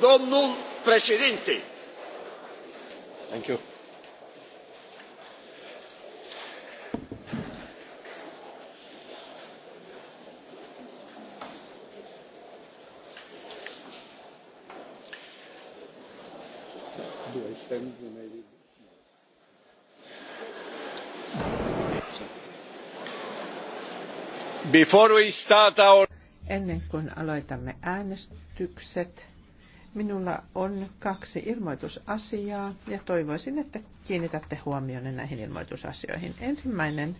domnul președinte. Thank you. Before we start our... Ennen kuin aloitamme äänestykset, Minulla on kaksi ilmoitusasiaa ja toivoisin, että kiinnitätte huomioon näihin ilmoitusasioihin. Ensimmäinen